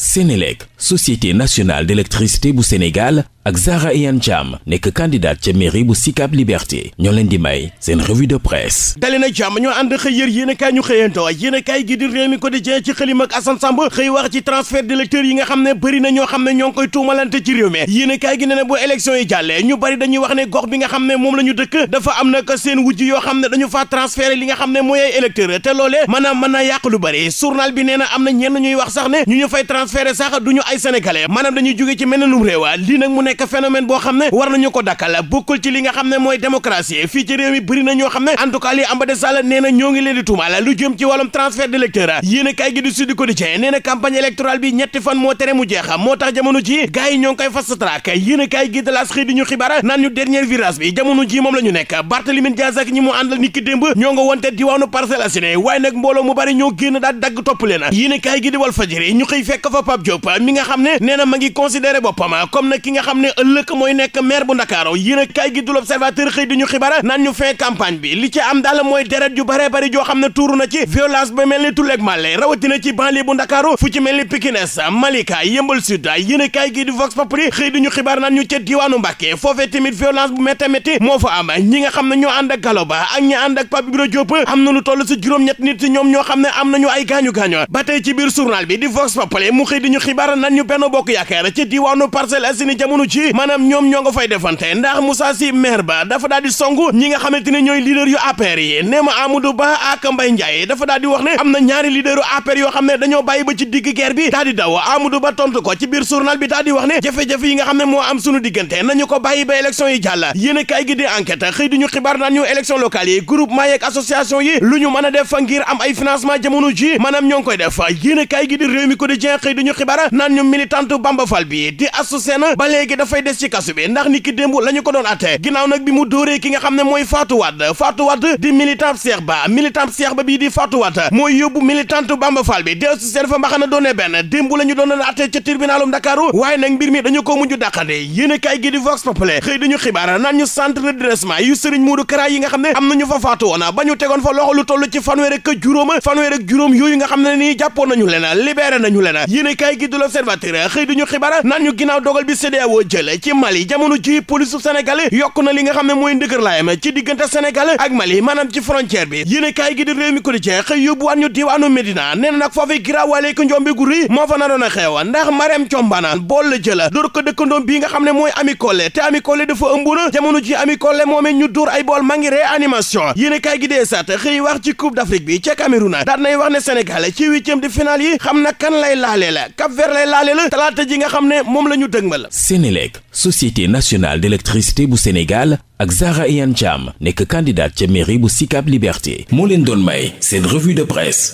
Sénélec société nationale d'électricité bu Sénégal ak Zahra Iyane Thiam nekk candidate ca mairie bu Sicap Liberté ñoo leen di may seen revue de presse dali jàmm ñoo ànd xëy yër yéen a kaay ñu xëyanto yéen a kaay gi di réew mi quotidien ci xëlim ak Assane Samb xëy wax ci transfert d'électeurs yi nga xam ne bëri na ñoo xam ne ñoo ngi koy tuumalante ci réew mi yéen a kaay gi ne ne bu yi jàllee ñu bëri dañuy wax ne gox bi nga xam ne moom la ñu dëkk dafa am nag seen wujj yoo xam ne dañu faa transféré li nga xam ne mooy ay électeurs te loolee maanaam mën naa yàq lu bëri am na ñenn ñuy wax sax ne ñu ñu fay transféré sax du ñu ay sénégalais maanaam dañuy jóge ci meneenum réewa lii nag mu nekk nekk boo xam ne war nañu ko dakkal bokkul ci li nga xam ne mooy démocratie fii ci réew mi bëri ñoo xam ne en tout cas ñoo ngi leen di tuumaal lu jëm ci wàllum transfert d'électeurs yéen a kaay gi di Sud Quotidien nee na campagne électorale bi ñetti fan moo tere mu moo tax jamono ji gars ñoo ngi koy fast track yéen a kaay las xëy ñu xibaar naan ñu dernier virage bi jamono ji moom la nekk Barthélémy Dias ak ñi mu àndal xam ne ëllëg mooy nekk maire bu Ndakaaru yéen a gi du l'Observateur xëy di xibaar naan ñu fin bi li ci am daal mooy deret yu bare bari joo xam ne tuuru na ci violence ba mel ni tulleeg màlle rawatina ci banlieue Ndakaaru fu ci mel ni Pikines Malika Yëmbal Sud yéen a gi di Vox Populi xëy di xibaar naan ñu diwaanu Mbàkke foofee tamit violence bu métte moo fa am ñi nga xam ne ñoo ànd ak ñi ànd ak Pape Ibra Diop am na lu toll si ci maanaam ñoom ñoo nga fay defante ndax Moussa Sy maire ba dafa daal di ñi nga xamante ne ñooy leader yu APR yi nee ma Amadou Ba ak Mbaye dafa daal wax ne am na ñaari leader yu APR yoo xam ne dañoo bàyyi ba ci digg guerre bi daal di daw Amadou Ba tontu ko ci biir journal bi daal wax ne jafe-jafe yi nga xam ne moo am sunu diggante nañu ko bàyyi ba élection yi jàll yéen kaay yi groupement yeeg a def ngir am ay financement jamono ji maanaam ñoo ngi koy gi di réew mi xibaar naan ñu militante Bamba Fall bi di associé dafay des ci kasu bi ndax ni ki démb la ñu ko doon atte ginnaaw na bi mu dóoree ki nga xam ne mooy Fatou Wade Fatou Wade di militant Cheikh Ba militant Cheikh Ba bii di Fatou Wade mooy yóbbu militante Bamba Fall bi delsi seen fa mbaxana doone benn démb la ñu doon doon atte ca tribunalum Dakaru waaye mbir mi dañu ko mujj dàqande yéen a kaay gi di Vox Populi xëy dañu xibaar naan ñu centre de redressement yu Serigne Modou Kara nga xam ne am nañu fa faatu woon ba ñu tegoon fa loxo lu toll ci fanweer ak juróom fanweer ak yooyu nga xam ne nii jàppoon nañu leen libéré nañu leen yéen a kaay gi di L'Observateur xëy dañu ñu ginnaaw dogal bi CEDEAO jël ci Mali jamono ji polisu senegal yokk na li nga xam ne mooy ndëgër laayam ci diggante Sénégal ak Mali maanaam ci frontière bi yéene kaay gi di réew mi ko di jeex yóbbuwaat ñu diwaanu Médina nee na nag foofee giraawaale ko njombe guri moo fa naroon a xew ndax Marème Thiombana bool la jël door ko dëkkandoom bii nga xam ne mooy amikol Collé te Ami Collé dafa ëmbuna jamono ji Ami Collé moomee ñu dóor ay bool ma ngi réanimation yéene kaay gi dee sat xëy wax ci Coupe d'Afrique bi ca Cameroun daan nay wax ne Sénégal ci huitième xam na kan lay laalee la Cap la talaata ji nga xam ne moom la ñu dëgmal Senelec société nationale d'électricité bu Sénégal ak Zahra Iyane Thiam nekk candidate ca mairie bu Sicap Liberté moo leen doon may seen revue de presse